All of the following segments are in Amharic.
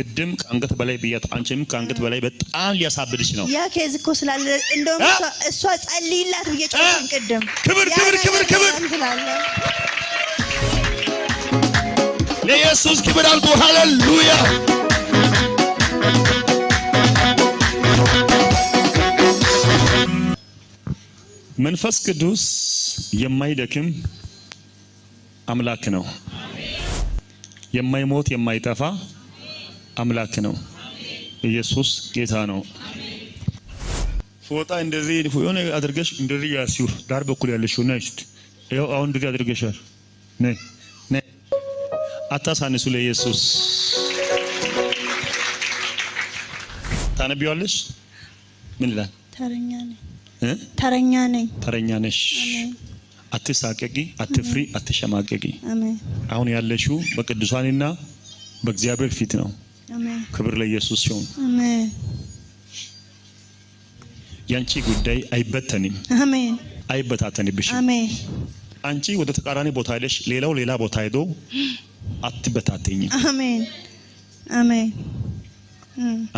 ቅድም ከአንገት በላይ ብያት፣ አንቺም ከአንገት በላይ በጣም ሊያሳብድሽ ነው። ያ ኬዝ እኮ ስላለ እንደውም እሷ ጸልይላት ብዬ ጮህኩኝ ቅድም። ክብር ክብር ክብር ክብር ለኢየሱስ ክብር አልኩ። ሃሌሉያ መንፈስ ቅዱስ የማይደክም አምላክ ነው። የማይሞት የማይጠፋ አምላክ ነው። ኢየሱስ ጌታ ነው። ፎጣ እንደዚህ የሆነ አድርገሽ እንደዚህ ያሲው ዳር በኩል ያለሽው ነሽ። ይኸው አሁን እንደዚህ አድርገሻል። ነ ነ አታሳንሱ ለኢየሱስ። ታነቢዋለሽ። ምን ይላል? ተረኛ ነኝ እ ተረኛ ነኝ። ተረኛ ነሽ። አትሳቀቂ፣ አትፍሪ፣ አትሸማቀቂ። አሁን ያለሽው በቅዱሳንና በእግዚአብሔር ፊት ነው። ክብር ለኢየሱስ ይሁን። አሜን። ያንቺ ጉዳይ አይበተንም። አሜን። አይበታተንብሽም። አሜን። አንቺ ወደ ተቃራኒ ቦታ ሄደሽ ሌላው ሌላ ቦታ ሄዶ አትበታተኝ። አሜን። አሜን።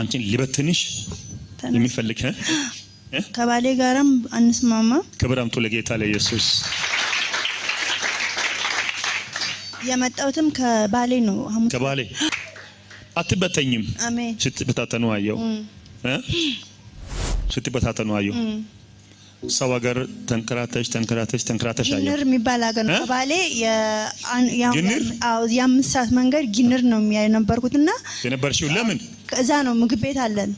አንቺን ሊበትንሽ የሚፈልግ ከባሌ ጋርም አንስማማ። ክብር አምጡ ለጌታ ለኢየሱስ። የመጣሁትም ከባሌ ነው። ከባሌ አትበተኝም። ስትበታተኑ አየው ስትበታተኑ አየው ሰው ሀገር ተንከራተሽ ተንከራተሽ ተንከራተሽ አየሁ። ጊንር የሚባል ሀገር ነው። ከባሌ የአምስት ሰዓት መንገድ ጊንር ነው የነበርኩት እና የነበርሽው ለምን እዛ ነው ምግብ ቤት አለን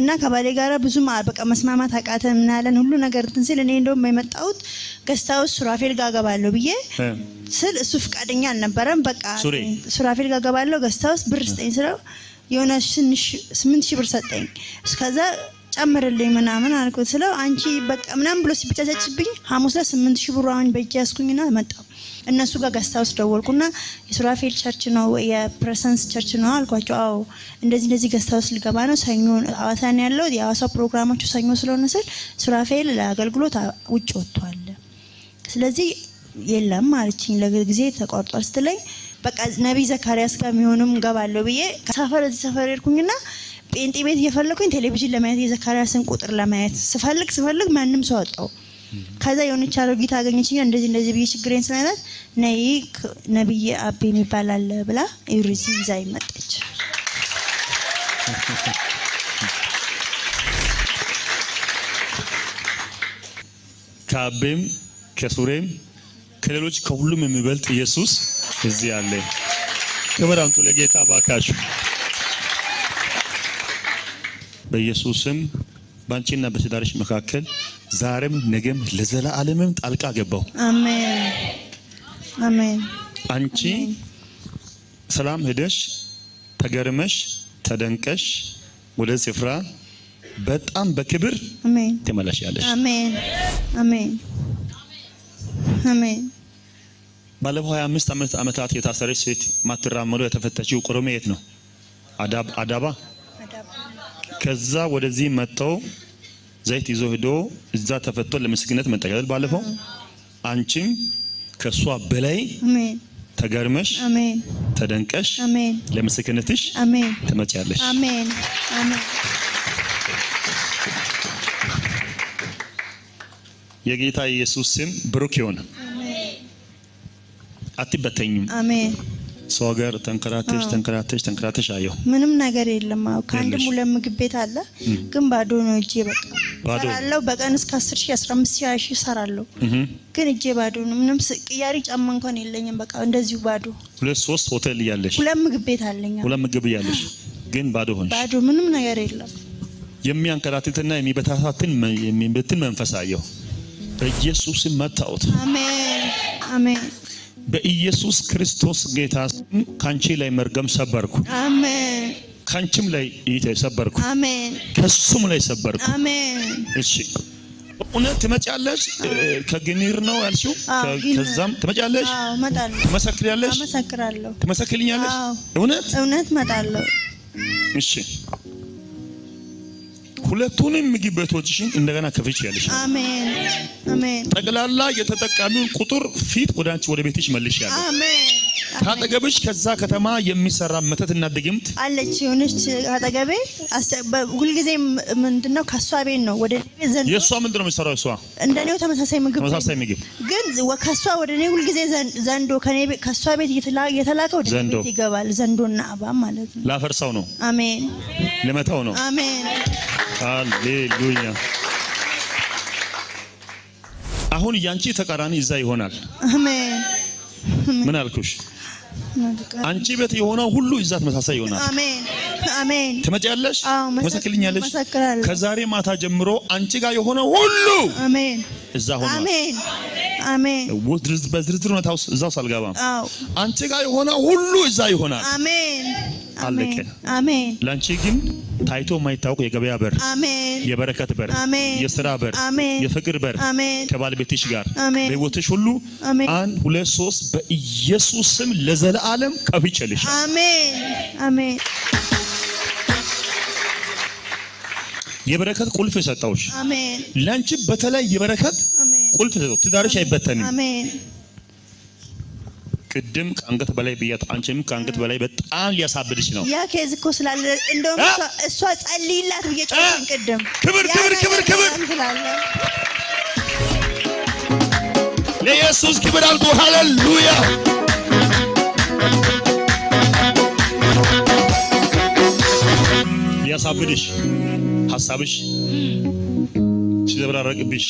እና ከባሌ ጋር ብዙም በቃ መስማማት አቃተን። ምናለን ሁሉ ነገር እንትን ስል እኔ እንደውም የመጣሁት ገስታ ውስጥ ሱራፌል ጋር ገባለሁ ብዬ ስል እሱ ፍቃደኛ አልነበረም። በቃ ሱራፌል ጋር ገባለሁ ገስታ ውስጥ ብር ስጠኝ ስለው የሆነ ትንሽ ስምንት ሺህ ብር ሰጠኝ እስከዛ ጨምርልኝ ምናምን አልኩት ስለው አንቺ በቃ ምናምን ብሎ ሲበጫጫጭብኝ ሐሙስ ዕለት ስምንት ሺህ ብር አሁን በእጅ ያስኩኝና መጣ እነሱ ጋር ገስታ ውስጥ ደወልኩና የሱራፌል ቸርች ነው የፕሬሰንስ ቸርች ነው አልኳቸው። አዎ እንደዚህ እንደዚህ ገስታ ውስጥ ልገባ ነው ሰኞ አዋሳን ያለው የአዋሳ ፕሮግራማቹ ሰኞ ስለሆነ ስል ሱራፌል ለአገልግሎት ውጭ ወጥቷል፣ ስለዚህ የለም አለችኝ። ለጊዜ ተቋርጧል ስትለኝ በቃ ነቢይ ዘካርያስ ጋር የሚሆንም ገባለሁ ብዬ ሰፈር እዚህ ሰፈር ሄድኩኝና ጴንጤ ቤት እየፈለኩኝ ቴሌቪዥን ለማየት የዘካርያስን ቁጥር ለማየት ስፈልግ ስፈልግ ማንም ሰው አጣው። ከዛ የሆነች አሮጊት አገኘችኝ። እንደዚህ እንደዚህ ብዬ ችግሬን ስናለት ነይ ነብዬ አቤ የሚባል አለ ብላ ዩሪዚ ይዛ ይመጣች። ከአቤም ከሱሬም ከሌሎች ከሁሉም የሚበልጥ ኢየሱስ እዚህ አለ። ክብር ለጌታ ባካችሁ። በኢየሱስም ስም ባንቺና በትዳርሽ መካከል ዛሬም ነገም ለዘላለምም ጣልቃ ገባው። አሜን አሜን። አንቺ ሰላም ሄደሽ ተገርመሽ ተደንቀሽ ወደ ስፍራ በጣም በክብር አሜን ትመለሻለሽ። አሜን አሜን አሜን። ባለፈው 25 ዓመት ዓመታት የታሰረች ሴት ማትራመዱ የተፈተችው ቆሮሜ የት ነው? አዳባ ከዛ ወደዚህ መጥተው ዘይት ይዞ ሄዶ እዛ ተፈቶ ለምስክነት መጠቀለል ባለፈው አንቺም ከሷ በላይ ተገርመሽ ተደንቀሽ ለምስክነትሽ ትመጪያለሽ። አሜን። የጌታ ኢየሱስ ስም ብሩክ ይሆነ። አትበተኝም። አሜን። ሰው ሀገር ተንከራተሽ ተንከራተሽ ተንከራተሽ አየሁ። ምንም ነገር የለም። አዎ ከአንድም ሁለት ምግብ ቤት አለ፣ ግን ባዶ ነው እጄ። በቃ ባዶ ሰራለሁ። በቀን እስከ 10 ሺህ 15 ሺህ 20 ሺህ ሰራለሁ፣ ግን እጄ ባዶ ነው። ምንም ቅያሪ ጫማ እንኳን የለኝም። በቃ እንደዚሁ ባዶ። ሁለት ሶስት ሆቴል እያለሽ ሁለት ምግብ ቤት አለኝ፣ ሁለት ምግብ እያለሽ ግን ባዶ ሆንሽ። ባዶ ምንም ነገር የለም። የሚያንከራትትና የሚበታታትን የሚበትን መንፈስ አየሁ። በኢየሱስም መታውት። አሜን አሜን። በኢየሱስ ክርስቶስ ጌታ ስም ካንቺ ላይ መርገም ሰበርኩ። አሜን። ካንቺም ላይ ሰበርኩ። አሜን። ከሱም ላይ ሰበርኩ። አሜን። እሺ፣ እውነት ትመጫለሽ። ከግኒር ነው ያልሽው። ከዛም ትመጫለሽ። ትመሰክሪያለሽ። ትመሰክሪያለሽ። ትመሰክሪኛለሽ። እውነት እውነት እመጣለሁ። እሺ ሁለቱንም ምግብ ቤቶችሽን እንደገና ከፍች ያለሽ። አሜን አሜን። ጠቅላላ የተጠቃሚውን ቁጥር ፊት ወደ አንቺ ወደ ቤትሽ መልሽ ያለሽ። አሜን ካጠገብሽ ከዛ ከተማ የሚሰራ መተትና ድግምት አለች። የሆነች ካጠገቤ ሁልጊዜ ምንድነው ከእሷ ቤት ነው ወደ እኔ ዘንድ የእሷ ምንድነው የሚሰራው? እሷ እንደኔው ተመሳሳይ ምግብ ተመሳሳይ ምግብ ግን ከእሷ ወደ እኔ ሁልጊዜ ዘንዶ ከእሷ ቤት የተላከ ወደ እኔ ቤት ይገባል። ዘንዶና አባ ማለት ነው። ላፈርሰው ነው። አሜን። ልመታው ነው። አሜን። አሌሉያ። አሁን ያንቺ ተቃራኒ እዛ ይሆናል። አሜን ምን አልኩሽ? አንቺ ቤት የሆነው ሁሉ ይዛት መሳሳይ ይሆናል። አሜን አሜን። ትመጪያለሽ፣ መሰክልኛለሽ። ከዛሬ ማታ ጀምሮ አንቺ ጋር የሆነ ሁሉ አሜን፣ እዛ ሆነ። አሜን አሜን። በዝርዝር ሁኔታ ውስጥ እዛው ሳልገባ አንቺ ጋር የሆነ ሁሉ እዛ ይሆናል። አሜን አለቀ። አሜን። ላንቺ ግን ታይቶ የማይታወቅ የገበያ በር፣ አሜን። የበረከት በር፣ አሜን። በር፣ የፍቅር በር፣ ከባለቤትሽ ጋር በሕይወትሽ ሁሉ አንድ ሁለት ሶስት በኢየሱስ ስም ለዘላለም ከፍቼልሽ። አሜን። አሜን። የበረከት ቁልፍ ሰጠውሽ። ላንቺ በተለይ የበረከት ቁልፍ ሰጠው። ትዳርሽ አይበተንም። አሜን። ቅድም ከአንገት በላይ ብያት፣ አንቺም ከአንገት በላይ በጣም ሊያሳብድሽ ነው። ያ ኬዝ እኮ ስላለ እንደውም እሷ ጸልይላት ብዬ ጮህኩኝ ቅድም። ክብር ክብር ክብር ክብር ለኢየሱስ ክብር አልኩ። ሃሌሉያ ሊያሳብድሽ ሀሳብሽ ሲዘብራረቅብሽ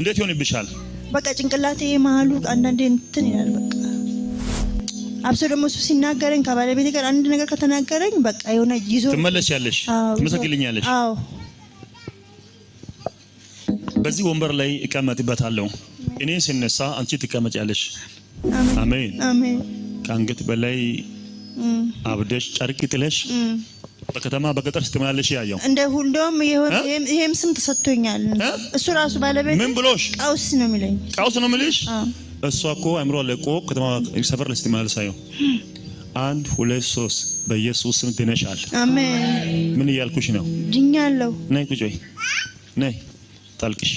እንዴት ይሆንብሻል? በቃ ጭንቅላቴ መሀሉ አንዳንዴ እንትን ይላል። በቃ አብሶ ደግሞ እሱ ሲናገረኝ ከባለቤቴ ጋር አንድ ነገር ከተናገረኝ በቃ የሆነ ይዞ ትመለሻለሽ፣ ትመሰግልኛለሽ። አዎ በዚህ ወንበር ላይ እቀመጥበታለሁ። እኔ ስነሳ አንቺ ትቀመጫለሽ። አሜን አሜን። ከአንገት በላይ አብደሽ ጨርቅ ጥለሽ በከተማ በገጠር ስትመላለሽ ያየው እንደ ሁሉም ይሄም ስም ተሰጥቶኛል። እሱ ራሱ ባለቤት ምን ብሎሽ? ቀውስ ነው የሚለኝ። ቀውስ ነው የሚልሽ? እሷ እኮ አእምሮ ለቆ ከተማ ሰፈር ስትመላለስ አየው። አንድ ሁለት ሶስት፣ በኢየሱስ ስም ድነሻል። አሜን። ምን እያልኩሽ ነው? ድኛለሁ። ነይ ቁጭ በይ። ነይ ጣልቅሽ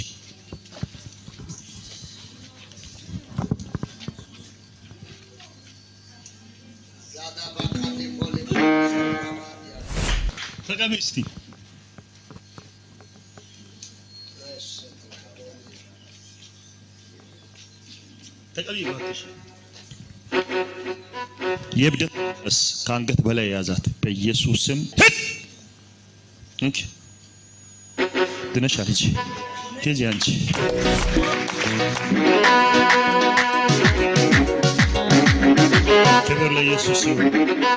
ተጠቀሚ እስቲ ተቀቢ ባትሽ ስ ከአንገት በላይ የያዛት በኢየሱስም ድነሻል። አንቺ ክብር ለኢየሱስ ይሁን።